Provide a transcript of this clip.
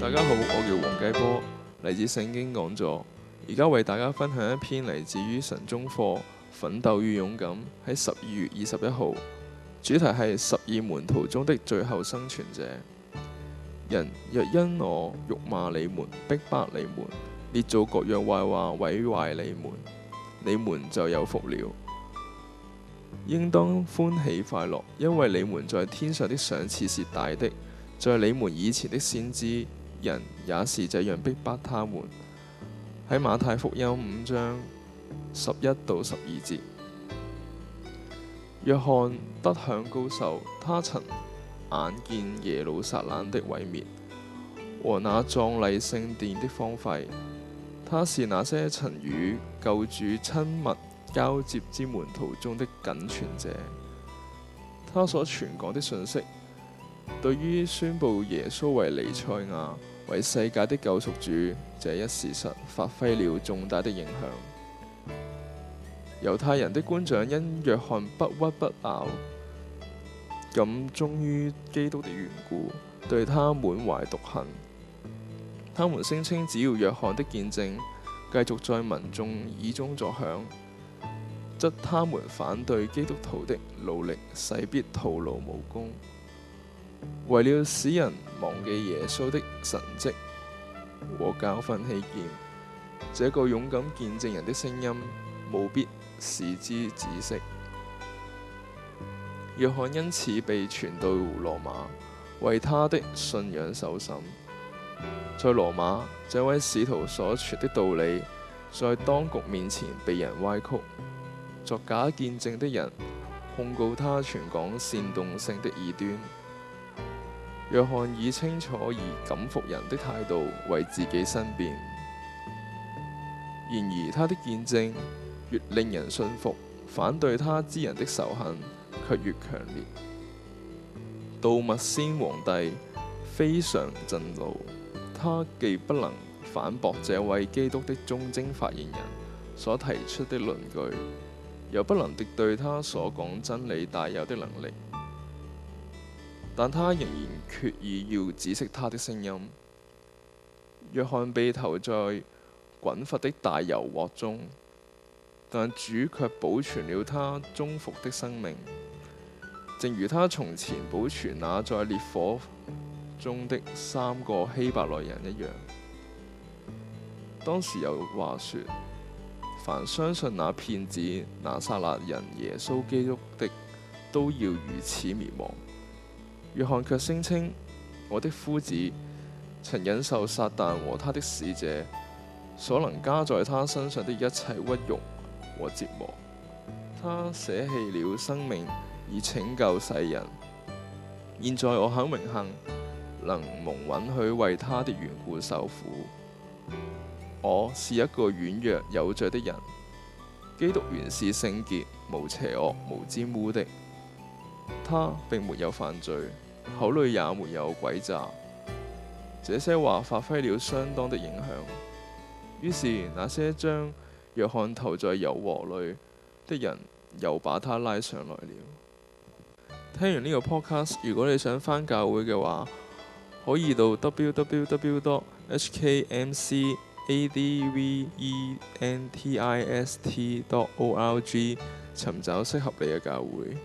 大家好，我叫黃繼波，嚟自聖經講座。而家為大家分享一篇嚟自于神中課《奮鬥與勇敢》，喺十二月二十一號，主題係十二門徒中的最後生存者。人若因我辱罵你們、逼迫你們、列做各樣壞話毀壞你們，你們就有福了。應當歡喜快樂，因為你們在天上的賞賜是大的。在你們以前的先知。人也是這樣逼迫他們，喺馬太福音五章十一到十二節。約翰得享高壽，他曾眼見耶路撒冷的毀滅和那壯麗聖殿的荒廢。他是那些曾與救主親密交接之門徒中的僅存者。他所傳講的信息，對於宣布耶穌為彌賽亞，為世界的救贖主這一事實，發揮了重大的影響。猶太人的官長因約翰不屈不撓、敢忠於基督的緣故，對他滿懷毒恨。他們聲稱，只要約翰的見證繼續在民眾耳中作響，則他們反對基督徒的努力勢必徒勞無功。為了使人忘記耶穌的神蹟和教訓起見，這個勇敢見證人的聲音，務必使之止息。約翰因此被傳到羅馬，為他的信仰受審。在羅馬，這位使徒所傳的道理，在當局面前被人歪曲，作假見證的人控告他傳講煽動性的異端。約翰以清楚而感服人的態度為自己申辯，然而他的見證越令人信服，反對他之人的仇恨卻越強烈。道密先皇帝非常震怒，他既不能反駁這位基督的忠貞發言人所提出的論據，又不能敵對他所講真理帶有的能力。但他仍然決意要止息他的聲音。約翰被投在滾沸的大油鍋中，但主卻保存了他忠服的生命，正如他從前保存那在烈火中的三個希伯來人一樣。當時有話說：凡相信那騙子拿撒勒人耶穌基督的，都要如此滅亡。約翰卻聲稱：我的夫子曾忍受撒旦和他的使者所能加在他身上的一切屈辱和折磨。他捨棄了生命以拯救世人。現在我很榮幸能蒙允許為他的緣故受苦。我是一個軟弱有罪的人。基督原是聖潔，無邪惡，無沾污的。他並沒有犯罪，口裡也沒有詭詐。這些話發揮了相當的影響，於是那些將約翰投在油鍋裏的人，又把他拉上來了。聽完呢個 podcast，如果你想返教會嘅話，可以到 www.hkmcadventist.org 尋找適合你嘅教會。